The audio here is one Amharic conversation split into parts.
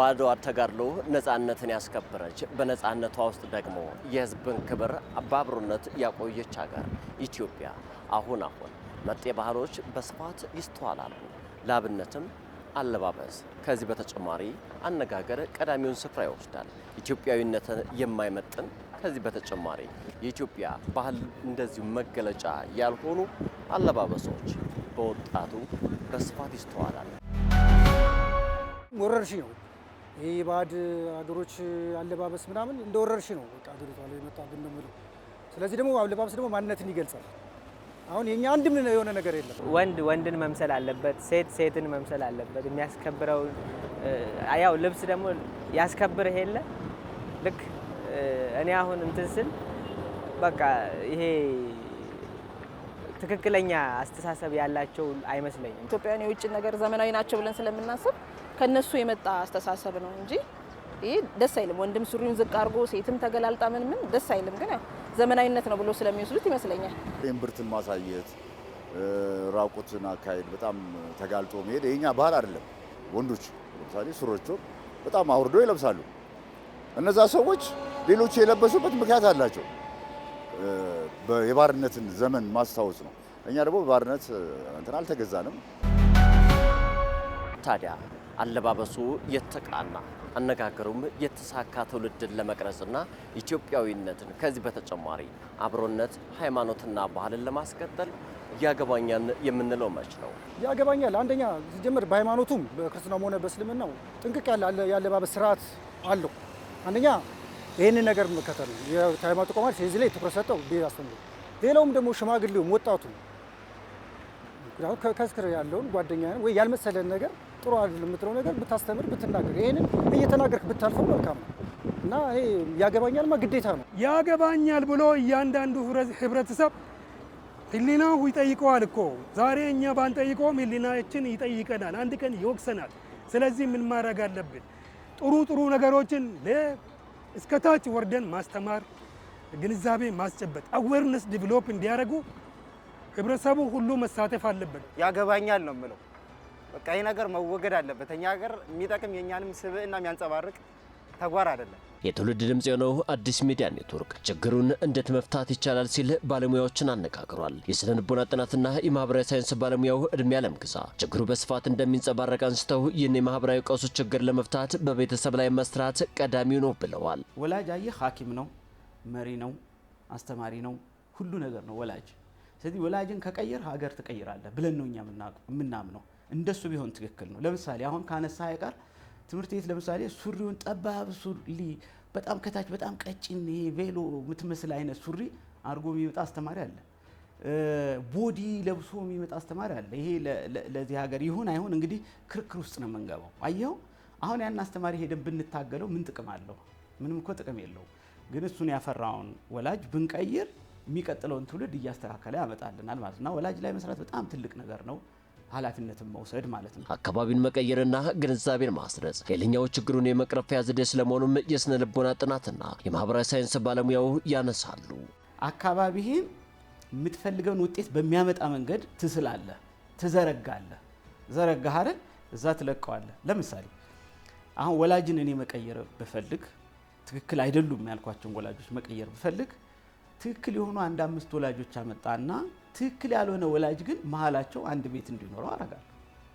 በአድዋ ተጋድሎ ነፃነትን ያስከበረች በነፃነቷ ውስጥ ደግሞ የህዝብን ክብር በአብሮነት ያቆየች ሀገር ኢትዮጵያ አሁን አሁን መጤ ባህሎች በስፋት ይስተዋላሉ። ላብነትም አለባበስ፣ ከዚህ በተጨማሪ አነጋገር ቀዳሚውን ስፍራ ይወስዳል። ኢትዮጵያዊነትን የማይመጥን ከዚህ በተጨማሪ የኢትዮጵያ ባህል እንደዚሁ መገለጫ ያልሆኑ አለባበሶች በወጣቱ በስፋት ይስተዋላል። ወረርሽኝ ነው። ይህ ባዕድ አገሮች አለባበስ ምናምን እንደ ወረርሽ ነው በቃ ሀገሪቷ ላይ የመጣብን ነው የምለው። ስለዚህ ደግሞ አለባበስ ደግሞ ማንነትን ይገልጻል። አሁን የኛ አንድም የሆነ ነገር የለም። ወንድ ወንድን መምሰል አለበት፣ ሴት ሴትን መምሰል አለበት። የሚያስከብረው ያው ልብስ ደግሞ ያስከብርህ የለ ልክ እኔ አሁን እንትን ስል በቃ ይሄ ትክክለኛ አስተሳሰብ ያላቸው አይመስለኝም። ኢትዮጵያውያን የውጭ ነገር ዘመናዊ ናቸው ብለን ስለምናስብ ከነሱ የመጣ አስተሳሰብ ነው እንጂ ይህ ደስ አይልም። ወንድም ሱሪውን ዝቅ አድርጎ ሴትም ተገላልጣ ምን ምን ደስ አይልም። ግን ዘመናዊነት ነው ብሎ ስለሚወስዱት ይመስለኛል። እምብርትን ማሳየት፣ ራቁትን አካሄድ፣ በጣም ተጋልጦ መሄድ የኛ ባህል አይደለም። ወንዶች ለምሳሌ ሱሮቹ በጣም አውርዶ ይለብሳሉ። እነዛ ሰዎች ሌሎቹ የለበሱበት ምክንያት አላቸው። የባርነትን ዘመን ማስታወስ ነው። እኛ ደግሞ በባርነት እንትን አልተገዛንም። ታዲያ አለባበሱ የተቃና አነጋገሩም የተሳካ ትውልድን ለመቅረጽና ኢትዮጵያዊነትን ከዚህ በተጨማሪ አብሮነት፣ ሃይማኖትና ባህልን ለማስቀጠል ያገባኛል የምንለው መች ነው? ያገባኛል አንደኛ ሲጀምር በሃይማኖቱም በክርስትናም ሆነ በእስልምናው ጥንቅቅ ያለ የአለባበስ ስርዓት አለው። አንደኛ ይህንን ነገር መከተል የሃይማኖት ተቋማት የዚህ ላይ ትኩረት ሰጠው ቤት አስተምሩ። ሌላውም ደግሞ ሽማግሌውም ወጣቱ አሁን ከስክር ያለውን ጓደኛ ወይ ያልመሰለን ነገር ጥሩ አይደለም የምትለው ነገር ብታስተምር ብትናገር፣ ይሄንን እየተናገርክ ብታልፈው መልካም ነው እና ይሄ ያገባኛልማ ግዴታ ነው። ያገባኛል ብሎ እያንዳንዱ ህብረተሰብ ህሊናው ይጠይቀዋል እኮ ዛሬ እኛ ባንጠይቀውም ህሊናችን ይጠይቀናል፣ አንድ ቀን ይወቅሰናል። ስለዚህ ምን ማድረግ አለብን? ጥሩ ጥሩ ነገሮችን እስከታች ወርደን ማስተማር፣ ግንዛቤ ማስጨበጥ፣ አዌርነስ ዲቨሎፕ እንዲያደርጉ ህብረተሰቡ ሁሉ መሳተፍ አለበት። ያገባኛል ነው የምለው። በቃ ይህ ነገር መወገድ አለበት። እኛ ሀገር የሚጠቅም የእኛንም ስብዕና የሚያንጸባርቅ ተግባር አይደለም። የትውልድ ድምፅ የሆነው አዲስ ሚዲያ ኔትወርክ ችግሩን እንዴት መፍታት ይቻላል ሲል ባለሙያዎችን አነጋግሯል። የስነ ልቦና ጥናትና የማህበራዊ ሳይንስ ባለሙያው እድሜ ያለም ግዛ ችግሩ በስፋት እንደሚንጸባረቅ አንስተው ይህን የማህበራዊ ቀውሱ ችግር ለመፍታት በቤተሰብ ላይ መስራት ቀዳሚው ነው ብለዋል። ወላጅ አየህ ሐኪም ነው፣ መሪ ነው፣ አስተማሪ ነው፣ ሁሉ ነገር ነው ወላጅ ስለዚህ ወላጅን ከቀየር ሀገር ትቀይራለህ ብለን ነው እኛ የምናምነው። እንደሱ ቢሆን ትክክል ነው። ለምሳሌ አሁን ከአነሳ ቃር ትምህርት ቤት ለምሳሌ ሱሪውን ጠባብ ሱሪ በጣም ከታች በጣም ቀጭን ይሄ ቬሎ የምትመስል አይነት ሱሪ አድርጎ የሚመጣ አስተማሪ አለ። ቦዲ ለብሶ የሚመጣ አስተማሪ አለ። ይሄ ለዚህ ሀገር ይሁን አይሁን እንግዲህ ክርክር ውስጥ ነው የምንገባው። አየው አሁን ያን አስተማሪ ሄደን ብንታገለው ምን ጥቅም አለው? ምንም እኮ ጥቅም የለውም። ግን እሱን ያፈራውን ወላጅ ብንቀይር የሚቀጥለውን ትውልድ እያስተካከለ ያመጣልናል ማለት ነው። ወላጅ ላይ መስራት በጣም ትልቅ ነገር ነው። ኃላፊነትን መውሰድ ማለት ነው። አካባቢን መቀየርና ግንዛቤን ማስረጽ ሌላኛው ችግሩን የመቅረፊያ ዘዴ ስለመሆኑም የስነ ልቦና ጥናትና የማህበራዊ ሳይንስ ባለሙያው ያነሳሉ። አካባቢህን የምትፈልገውን ውጤት በሚያመጣ መንገድ ትስላለህ፣ ትዘረጋለህ። ዘረጋህ አይደል? እዛ ትለቀዋለህ። ለምሳሌ አሁን ወላጅን እኔ መቀየር ብፈልግ ትክክል አይደሉም ያልኳቸውን ወላጆች መቀየር ብፈልግ ትክክል የሆኑ አንድ አምስት ወላጆች አመጣና ትክክል ያልሆነ ወላጅ ግን መሀላቸው አንድ ቤት እንዲኖረው አረጋል።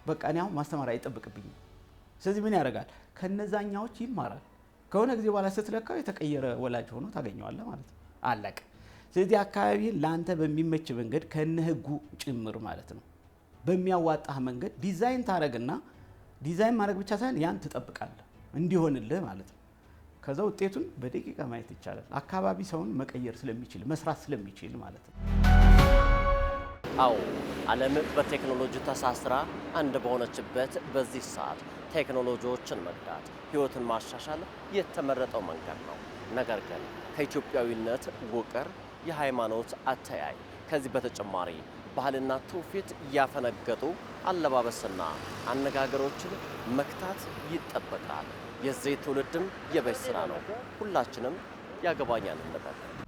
በቃ እኔ አሁን ማስተማር አይጠብቅብኝም። ስለዚህ ምን ያደርጋል? ከነዛኛዎች ይማራል። ከሆነ ጊዜ በኋላ ስትለካው የተቀየረ ወላጅ ሆኖ ታገኘዋለ ማለት ነው። አለቀ። ስለዚህ አካባቢን ለአንተ በሚመች መንገድ ከነ ህጉ ጭምር ማለት ነው በሚያዋጣህ መንገድ ዲዛይን ታረግና ዲዛይን ማድረግ ብቻ ሳይሆን ያን ትጠብቃለህ እንዲሆንልህ ማለት ነው። ከዛ ውጤቱን በደቂቃ ማየት ይቻላል። አካባቢ ሰውን መቀየር ስለሚችል መስራት ስለሚችል ማለት ነው። አዎ ዓለም በቴክኖሎጂ ተሳስራ አንድ በሆነችበት በዚህ ሰዓት ቴክኖሎጂዎችን መግዳት ሕይወትን ማሻሻል የተመረጠው መንገድ ነው። ነገር ግን ከኢትዮጵያዊነት ውቅር የሃይማኖት አተያይ ከዚህ በተጨማሪ ባህልና ትውፊት እያፈነገጡ። አለባበስና አነጋገሮችን መክታት ይጠበቃል። የዚህ ትውልድም የበሽ ስራ ነው። ሁላችንም ያገባኛል እንበል።